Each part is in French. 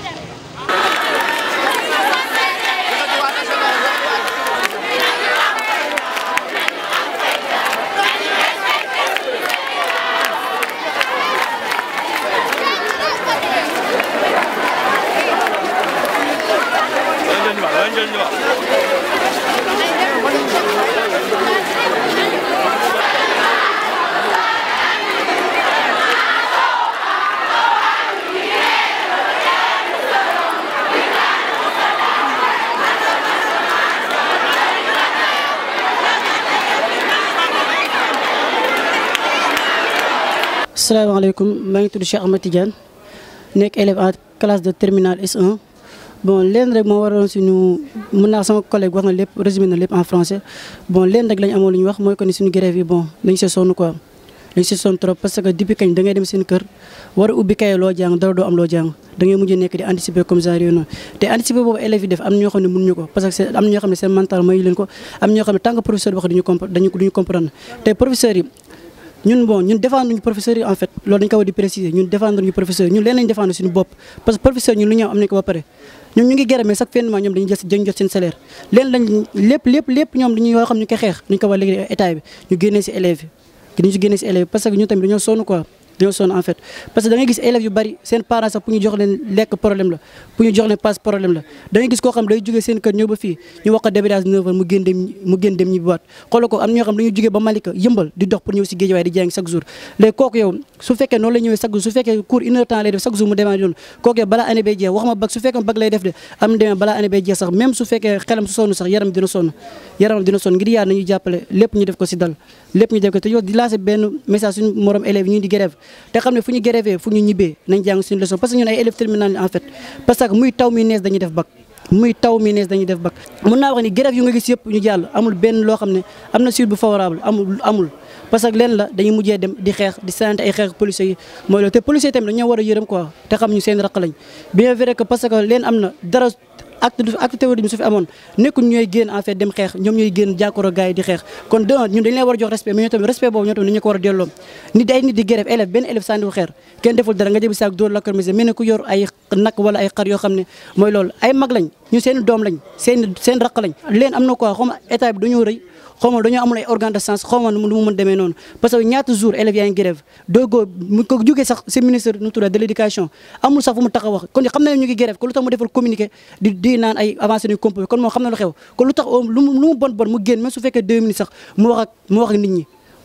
Thank you. asalaamaaleykum maa ngi tudd Cheikh Ahmed Tidiane nekk élève en classe de terminale S1 bon leen rek moo waroon suñu mën naa sama collègue wax na résumé na lépp en français bon leen rek lañ amoon lu ñu wax mooy que ni suñu grève yi bon dañ si sonn quoi dañ si sonn trop parce que depuis kañ da ngay dem seen kër war a ubbi kaye loo dara doo am loo jàng da ngay mujj nekk di anticiper comme genre yooyu te anticiper boobu élèves def am na ñoo ñun bon ñun défendre ñu professeurs yi en fait loolu dañ ko di préciser ñun défendre ñu professeurs ñun leen lañ défendre suñu bopp parce que professeurs ñun lu ñu am nañ ko ba pare ñun ngi gërëm mais chaque fin ñoom dañu jot seen salaire leen lañ lépp lépp lépp ñoom dañuy yoo ñu koy xeex dañ ko war léegi état bi ñu génnee si élèves yi parce que ñun tamit dañoo sonn quoi dañoo sonn en fait parce que da ngay gis élèves yu bari seen parents sax pour ñu jox lekk problème la pour ñu jox leen passe la da gis koo xam day jógee seen kër ñëw ba fii ñu wax ko déménage 9 mu génn dem ñibbi waat xoolal ko am ñoo xam dañuy jógee ba Malika di dox pour ñëw si Guédiawaye di jàng chaque jour léegi kooku yow su fekkee noonu la ñëwee chaque jour su fekkee cours une heure temps lay def sax même su fekkee xelam su te xam ne fu ñu grévé fu ñu ñibbee nañ jàng suñu leçon parce que ñun ay élèves terminal en fait parce que muy taw muy nees dañuy def bac muy taw muy nees dañuy yu nga gis yëpp ñu jàll amul benn loo ne am na suite bu amul amul parce la dañuy mujjee dem di xeex di santé ay xeex policiers yi te policiers yi tamit dañoo war a yërëm te xam ñu seen raq lañ bien vrai que parce am na dara acte acte terrorisme su fi amoon nekkul ñooy génn en fait dem xeex ñoom ñooy génn jàkkaaroo gars yi di xeex kon de ñun dañu leen war a jox respect mais ñoo tamit respect boobu ñoo tamit ñu ko war a delloo nit ay nit di grève élève benn élève sànniwu xeer kenn deful dara nga jëbi saak dóor la kormise mel ku yor ay nag wala ay xar xam ne mooy loolu ay mag lañ ñu seen doom lañ seen seen raq lañ leen am na quoi xaw ma état bi dañoo rëy xaw ma dañoo amul ay organe de sens xaw ma nu mu mën demee noonu parce que ñaata jour élèves yaa ngi grève doogoo mu ko jógee sax si ministre nu tudda de l' éducation amul sax fu mu tax a wax kon xam na ñu ngi grève kon lu tax mu defal communiqué di di ay avancé nañu compo kon moo xam na lu xew kon lu tax lu mu bon bon mu génn fekkee deux minutes sax mu wax ak ñi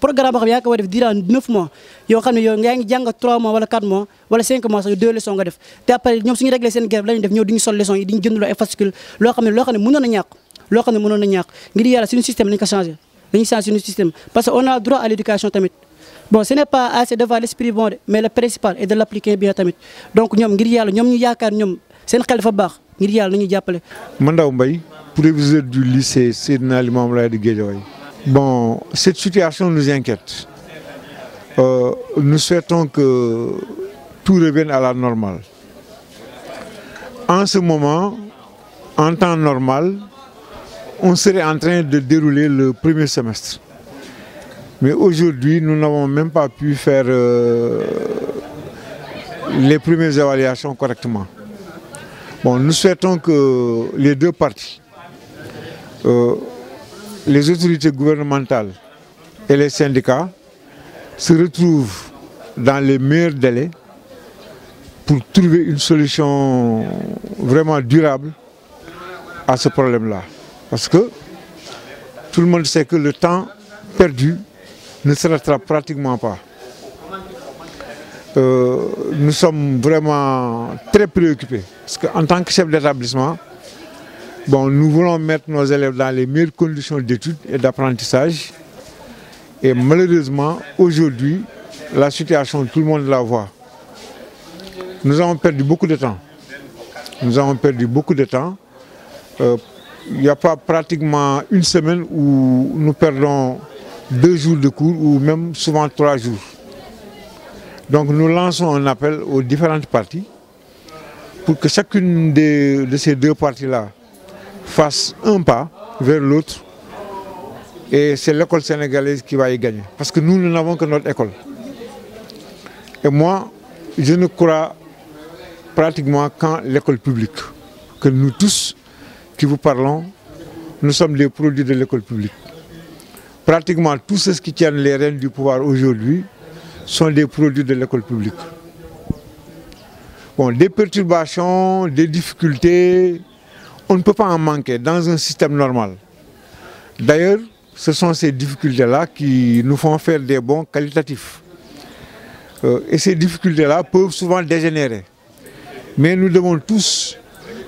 programme boo xam yaa ko def dira 9 mois yo xam ne yow yaa ngi 3 mois wala 4 mois wala 5 mois sax 2 leçons nga def té après ñom suñu régler sen guerre lañu def ñëw diñu sol leçons yi diñu jëndloo ay fascicule lo xam ne loo xam ne mënoon a ñàkk loo xam ne mënoon a ñàkk ngir yàlla suñu système dañ ko changer dañu changer suñu système parce que on a droit à l'éducation tamit bon ce n'est pas assez devant l'esprit bon mais le principal est de l'appliquer bien tamit donc ñom ngir yàlla ñom ñu yaakar ñom seen xel dafa baax ngir yàlla ñu jappalé. Mandaw Mbaye proviseur du lycée Seydina Limamou Laye de Guédiawaye Bon, cette situation nous inquiète. Euh, nous souhaitons que tout revienne à la normale. En ce moment, en temps normal, on serait en train de dérouler le premier semestre. Mais aujourd'hui, nous n'avons même pas pu faire euh, les premières évaluations correctement. Bon, nous souhaitons que les deux parties euh, les autorités gouvernementales et les syndicats se retrouvent dans les meilleurs délais pour trouver une solution vraiment durable à ce problème-là. Parce que tout le monde sait que le temps perdu ne se rattrape pratiquement pas. Euh, nous sommes vraiment très préoccupés. Parce qu'en tant que chef d'établissement, Bon, nous voulons mettre nos élèves dans les meilleures conditions d'études et d'apprentissage. Et malheureusement, aujourd'hui, la situation, tout le monde la voit. Nous avons perdu beaucoup de temps. Nous avons perdu beaucoup de temps. Euh, il n'y a pas pratiquement une semaine où nous perdons deux jours de cours ou même souvent trois jours. Donc nous lançons un appel aux différentes parties pour que chacune de ces deux parties-là fasse un pas vers l'autre. Et c'est l'école sénégalaise qui va y gagner. Parce que nous, nous n'avons que notre école. Et moi, je ne crois pratiquement qu'en l'école publique. Que nous tous qui vous parlons, nous sommes les produits de l'école publique. Pratiquement tous ceux qui tiennent les rênes du pouvoir aujourd'hui sont des produits de l'école publique. Bon, des perturbations, des difficultés, on ne peut pas en manquer dans un système normal. D'ailleurs, ce sont ces difficultés-là qui nous font faire des bons qualitatifs. Euh, et ces difficultés-là peuvent souvent dégénérer. Mais nous devons tous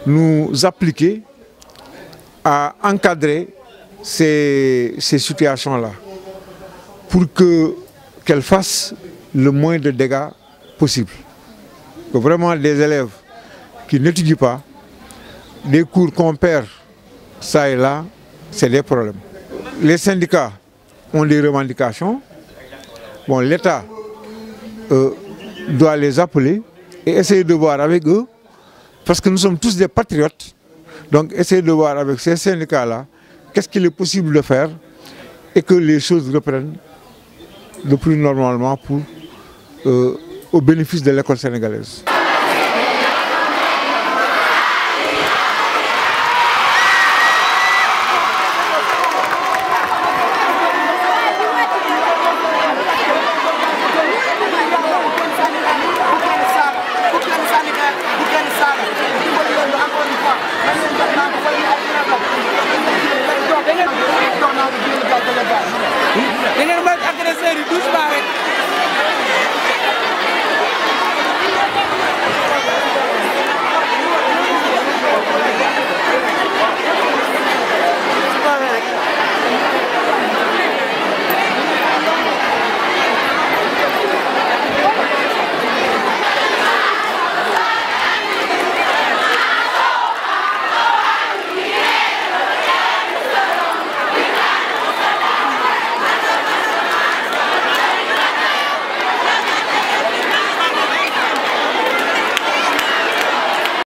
nous appliquer à encadrer ces, situations-là pour qu'elles fassent le moins de dégâts possible. vraiment des élèves qui n'étudient pas des cours qu'on perd, ça et là, c'est des problèmes. Les syndicats ont des revendications. Bon, l'État euh, doit les appeler et essayer de voir avec eux, parce que nous sommes tous des patriotes. Donc, essayer de voir avec ces syndicats-là qu'est-ce qu'il est possible de faire et que les choses reprennent le plus normalement pour, euh, au bénéfice de l'école sénégalaise.